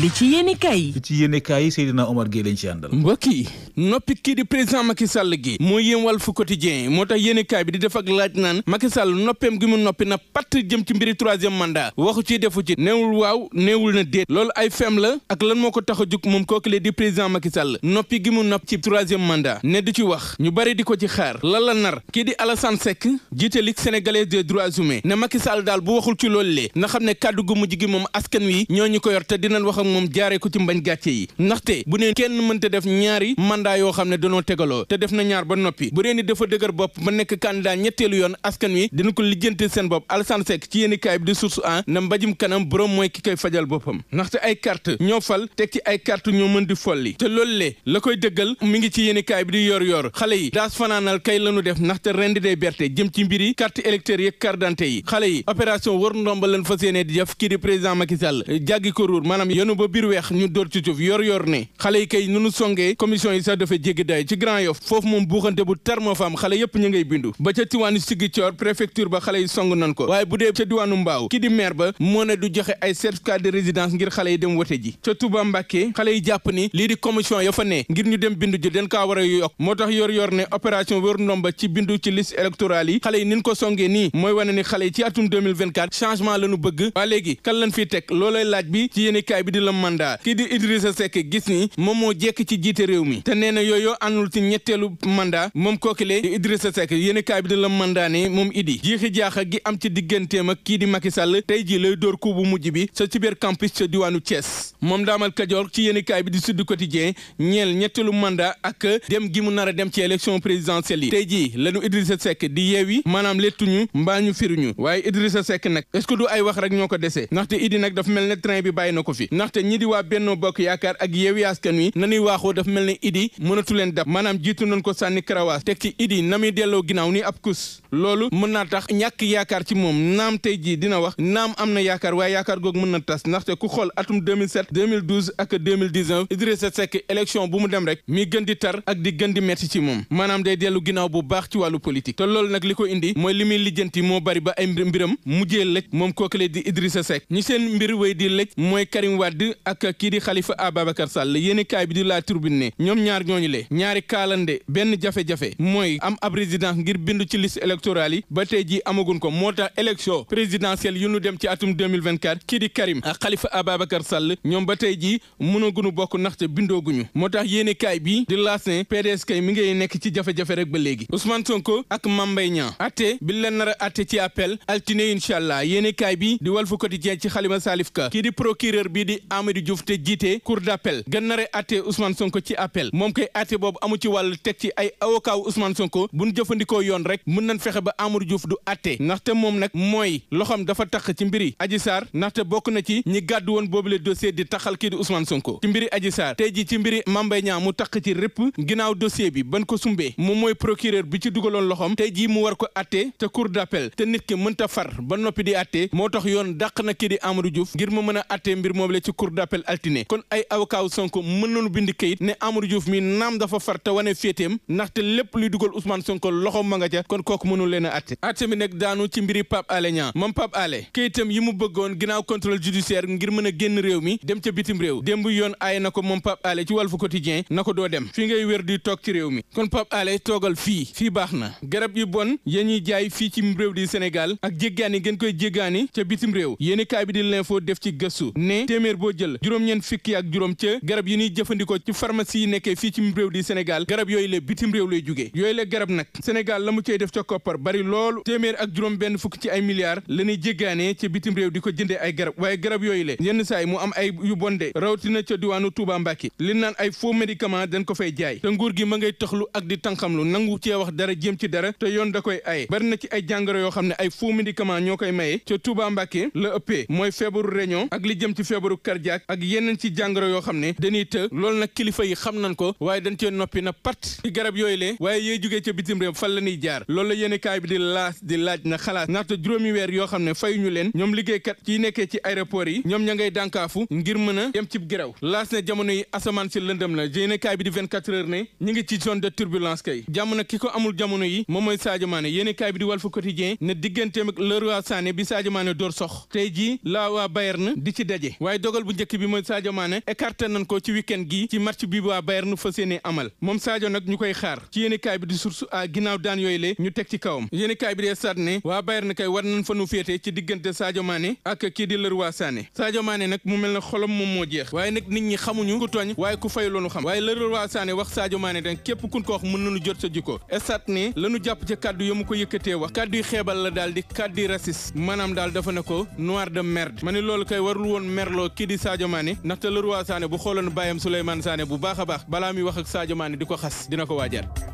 li ci yéene kaay yi. li ci Omar Gueye àndal. mbokk noppi kii di président Macky gi moo yéem Walf Quotidien moo tax yéene bi di def ak laaj naan Macky noppeem gi mu noppi na patt jëm ci mbiri troisième mandat waxu ci defu ci neewul na déet loolu ay fem la ak lan moo ko tax a jug moom kooku le di président Macky Sall noppi gi mu nopp ci troisième mandat ne du ci wax ñu bari di ko ci xaar lan la nar kii di Alassane Seck jiite Ligue sénégalaise des droits humains ne Macky daal bu waxul ci loolu le na xam ne kàddu gu mujj gi moom askan wi ñoo ñu ko yor ak moom jaaree ko ci mbañ gàcce yi ndaxte bu neen kenn mënta def ñaari mandat yoo xam ne danoo tegaloo te def na ñaar ba noppi bu deen dafa dëgër bopp ba nekk candidat ñetteelu yoon askan wi dina ko lijjanti seen bopp Alassane Seck ci yéeni kaay bi di source an na mbajum kanam borom mooy ki koy fajal boppam ndaxte ay carte ñoo fal teg ci ay carte ñoo mën di folli te loolu lee la koy dëggal mi ngi ci yéeni kaay bi di yor yor xale yi daas fanaanal kay lanu def ndaxte rendi day berte jëm ci mbiri carte électeur yeeg ba biir ñu dóor ci suuf yor yor ni xale yi kay nunu songee commission yi sax dafa jéggi daay ci Grand Yoff foofu moom buuxante bu tar xale yépp ñu bindu ba ca tiwaanu Ziguinchor préfecture ba xale yi song nan ko waaye bu dee ca diwaanu Mbaaw ki di ba moo ne du joxe ay certificat de résidence ngir xale yi dem wote ji ca Touba Mbacké xale yi jàpp ni lii di commission ya fa ne ngir ñu dem bindu ji den kaa war yokk moo tax yor yor ne la mandat kii di Idrissa Seck gis ni moom moo jekk ci jiite réew mi te nee na yooyu àndul ci ñetteelu mandat moom kookile di Idrissa Seck yéen kaay bi di la moom idi jiixi jaaxa gi am ci digganteem ak kii di Macky Sall tey jii lay dóor coup bu mujj bi ci cybercampus ca diwaanu Thiès moom daamal kajoor ci yéen kaay bi di Sud Quotidien ñeel ñetteelu mandat ak dem gi mu nar a dem ci élection présidentielle yi tey jii lañu Idrissa Seck di yeewi maanaam lettuñu mbaa ñu firuñu waaye Idrissa Seck nag est du ay wax rek ñoo ko dese ndaxte idi nag daf mel ne train bi bàyyi na ko fi ndaxte ñi di waa Benno Bokk Yaakaar ak Yewwi Askan Wi nanuy waaxoo dafa mel ne Idi mënatu leen dab maanaam jiitu nañ ko sànni karawaas teg ci Idi na muy delloo ginnaaw ni ab kus loolu mën naa tax ñàkk yaakaar ci moom naam tey jii dina wax naam am na yaakaar waaye yaakaar googu mën na tas ndaxte ku xool atum 2007 2012 ak 2019 Idrissa Seck élection bu mu dem rek mi gën di tar ak di gën di metti ci moom maanaam day dellu ginnaaw bu baax ci wàllu politique te loolu nag li ko indi mooy li muy lijjanti moo bari ba ay moom kooku di Idrissa Seck ñi seen mbir wéy di lëj Wade ak kii di Khalifa Ababacar Sall yéen kaay bi di La Tribune ne ñoom ñaar ñooñu le ñaari kaalande benn jafe-jafe mooy am ab ngir bindu ci liste électorale yi ba tey ji amagun ko moo tax élection présidentielle yu nu dem ci atum 2024 kii di Karim ak Khalifa Ababacar Sall ñoom ba tey ji mënaguñu bokk ndaxte bindooguñu moo tax yéen bi di L'As ne kay mi ngay nekk ci jafe-jafe rek ba léegi Ousmane Sonko ak Mame Mbaye Niang atte bi leen a atte ci appel altine incha allah yéen kaay bi di Walf Quotidien Amady Diouf te jiite cour d'appel gën nare atte Ousmane Sonko ci appel moom koy atte boobu amu ci wàll teg ci ay avocat wu Ousmane Sonko buñ jëfandikoo yoon rek mën nañ fexe ba Amady Diouf du atte ndaxte moom nag mooy loxoom dafa tax ci mbiri Adji Sarr ndaxte bokk na ci ñi gàddu woon boobule dossier di taxal kii di Ousmane Sonko ci mbiri Adji Sarr tey ji ci mbiri Mame Mbaye Niang mu tax ci rëpp ginnaaw dossier bi ban ko sumbee moom mooy procureur bi ci dugaloon loxoom tey jii te cour d'appel te nit ki mënta far ba noppi di atte moo tax yoon dàq na a atte cour d'appel altine kon ay avocat wu Sonko mën nañu bind ne Amadou Diouf mi naam dafa far te wane féeteem ndaxte lépp luy dugal Ousmane Sonko loxoom ma nga ca kon kooku mënul leen a atte atte bi nekk daanu ci mbiri Pape Alé Niang moom Pape Alé kayitam yi mu bëggoon ginnaaw contrôle judiciaire ngir mën a génn réew mi dem ca bitim réew dem fi ngay wér di toog ci réew mi kon Pape Alé toogal fii fii baax na garab yu bon ya ñuy jaay fii ci réew di Sénégal ak jéggaani gën koy jéggaani ca bitim réew yéeni kaay bi di l'info jël juróom-ñeent fukki ak juróom ca garab yi ñuy jëfandikoo ci pharmacie yi nekkee fii ci réew di Sénégal garab yooyu la bitim réew lay jugee yooyu la garab nag Sénégal la mu cay def ca koppar bari loolu téeméer ak juróom benn fukk ci ay milliards la ñuy jéggaanee ca bitim réew di ko jëndee ay garab waaye garab yooyu le yenn saay mu am ay yu bonde rawatina ca diwaanu Touba Mbacké li naan ay faux médicament dañ ko fay jaay te nguur gi ma ngay taxlu ak di tànqamlu nangu cee wax dara jéem ci dara te yoon da koy ay bari na ay jàngoro yoo xam ne ay faux médicament ñoo koy maye ca Touba Mbacké la ëppee mooy feebaru réunion ak cardiaque ak yeneen ci jàngoro yoo xam ne dañuy të yi xam ko waaye dañ cee noppi na pat ci garab yooyu le waaye yooy jógee la ñuy jaar loolu la yéene kaay bi di na xalaat weer yoo xam ne fayu ñu leen ñoom liggéeykat ci nekkee ci aéroport yi ñoom ña ngay dànkaafu ngir mën a yem ci geraw laas ne jamono yi asamaan si lëndëm la yéene kaay bi di 24 heures ne ngi ci zone de turbulence kay jàmm nag ki ko amul jamono yi moom mooy Sadio Mané yéene kaay bi ne digganteem ak Leroy Sané bi Sadio Mané door sox tey jii la waa Bayern di ci daje waaye dogal bu njëkk bi mooy Sadio Mané écarté nañ ko ci week-end gi ci match bi waa Bayern nu fas yéene amal moom Sadio nag ñu koy xaar ci yéenekaay bi di source a ginnaaw daan yooyu le ñu teg ci kawam yéenekaay bi dee saat ne waa Bayern kay war nañ fa nu féete ci diggante Sadio Mané ak kii di Leroy Sané Sadio Mané nag mu mel na xolom moom moo jeex waaye nag nit ñi xamuñu ku tooñ waaye ku fay loonu xam waaye Leroy Sané wax Sadio Mané dañ képp kun sa jikko estat ne lañu jàpp ca kàddu yu mu ko la daal di kàddu raciste maanaam daal dafa ne ko noir de merde ma ne loolu kay warul woon merloo kii di di Sadio Mané ndaxte Leroy Sané bu xooloon bàyyam Souleymane Sané bu baax a baax balaa muy wax ak Sadio Mané di ko xas dina ko waajaat